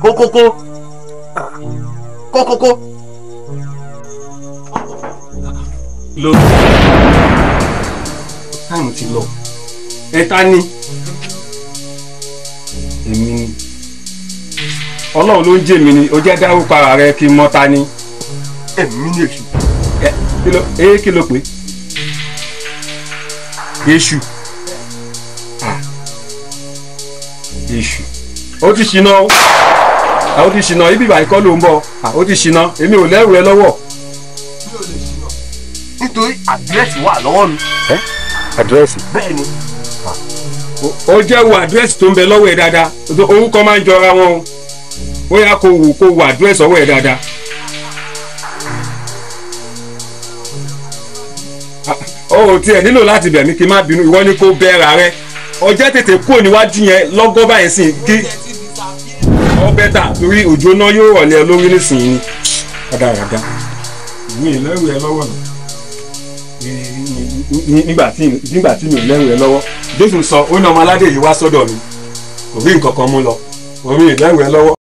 kókókó kókókó. lórí táìmù ti lọ ẹ ta ni èmi ni ọlọ́run ló ń jẹ́ mi ni ó jẹ́ dárúkọ ara rẹ kí n mọ́ ta ni èmi ni èṣù ẹ kí ló pé èṣù ah. èṣù ó ti ṣìnà o ó ti ṣìnà ibi ìbàyìí kọ́ ló ń bọ̀ ó ti ṣìnà èmi ò lẹ́rù ẹ lọ́wọ́. mi ò lè ṣìnà nítorí àdírẹ́sì wà lọ́wọ́ mi. ẹ àdírẹ́sì. bẹ́ẹ̀ ni. ó jẹ́ wo àdírẹ́sì tó ń bẹ lọ́wọ́ ẹ dáadáa orúkọ máa ń jọra wọn o ó yá kó wò kó wo àdírẹ́sì ọwọ́ ẹ dáadáa. o tiẹ̀ nílò láti bẹ̀ mí kí n má bínú ìwọ ni kó bẹ́ẹ̀ rà rẹ ọjẹ́ tètè kúrò níwájú yẹn lọ́gọ́ báyìí sìn kí ọbẹ̀ tà torí òjò náà yóò rọ̀lẹ́ olórí nísìnyí ni rádaràda ìwé ìlẹ́rù ẹ lọ́wọ́ mi nígbà tí mi ò lẹ́rù ẹ lọ́wọ́ Jésù sọ ó ní ọmọ aládé yìí wá sọ́dọ̀ mi kò rí nǹkan kan mú lọ orí ìlẹ́rù ẹ lọ́wọ́.